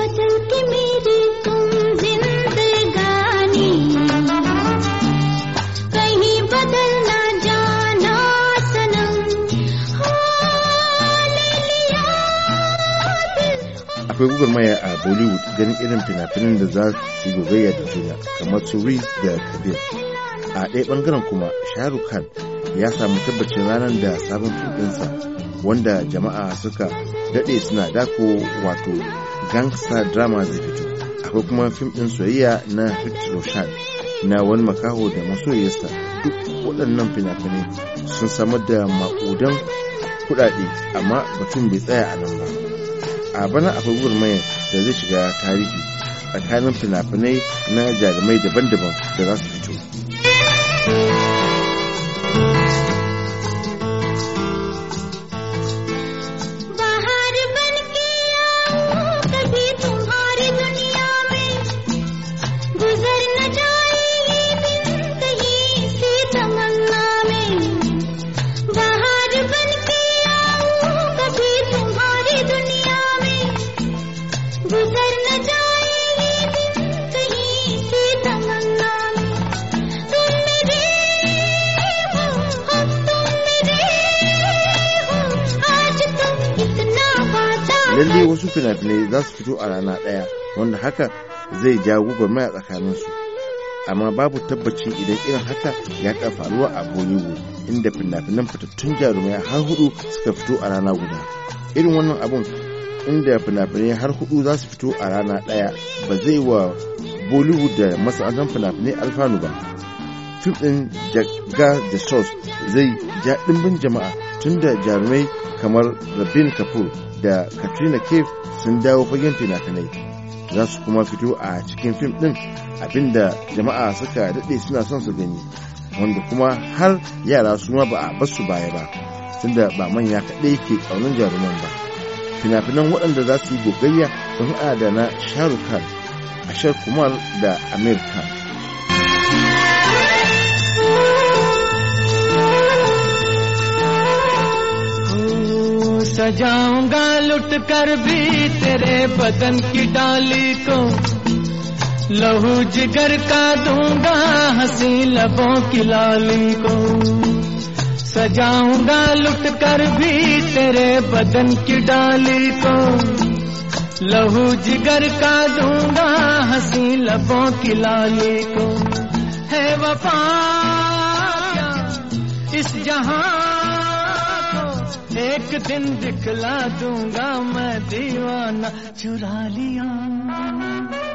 बदल के मेरी akwai a bollywood ganin irin fina-finan da za su yi gogayya da juna kamar Suri da kabir a ɗaya ɓangaren kuma shahrukh khan ya samu tabbacin ranar da sabon fitinsa wanda jama'a suka daɗe suna dako wato gangsta drama zai fito akwai kuma fim din soyayya na Hit Roshan na wani makaho da masoyiyarsa duk waɗannan fina-finai sun samar da maƙudan kuɗaɗe amma batun bai tsaya a nan ba a bana akwai gurmaya da zai shiga tarihi tsakanin fina-finai na jarumai daban-daban da za su fito. lalle wasu finafinai finai za su fito a rana ɗaya wanda haka zai jawo tsakanin su amma babu tabbaci idan irin haka ya ka faruwa a bolivu inda fina-finan fitattun jarumai har hudu suka fito a rana guda irin wannan abun inda fina-finai har hudu za su fito a rana ɗaya ba zai wa bolivu da masana'antar fina-finai alfanu ba fim ɗin jaga da sos zai ja ɗimbin jama'a tunda jarumai kamar rabin kapoor da katrina Kef sun dawo fagen fina-finai za su kuma fito a cikin fim ɗin abinda jama'a suka daɗe suna son su gani wanda kuma har yara su ma ba a basu baya ba tunda ba manya kaɗai ke ƙaunin jaruman ba fina-finan waɗanda za su yi gogayya sun haɗa da na shahrukh khan ashar kumar da amir सजाऊंगा लुट कर भी तेरे बदन की डाली को लहू जिगर का दूंगा हंसी लबों की लाली को सजाऊंगा लुट कर भी तेरे बदन की डाली को लहू जिगर का दूंगा हंसी लबों की लाली को है वफा इस जहां एक दिन दिखला दूंगा मैं दीवाना चुरा लिया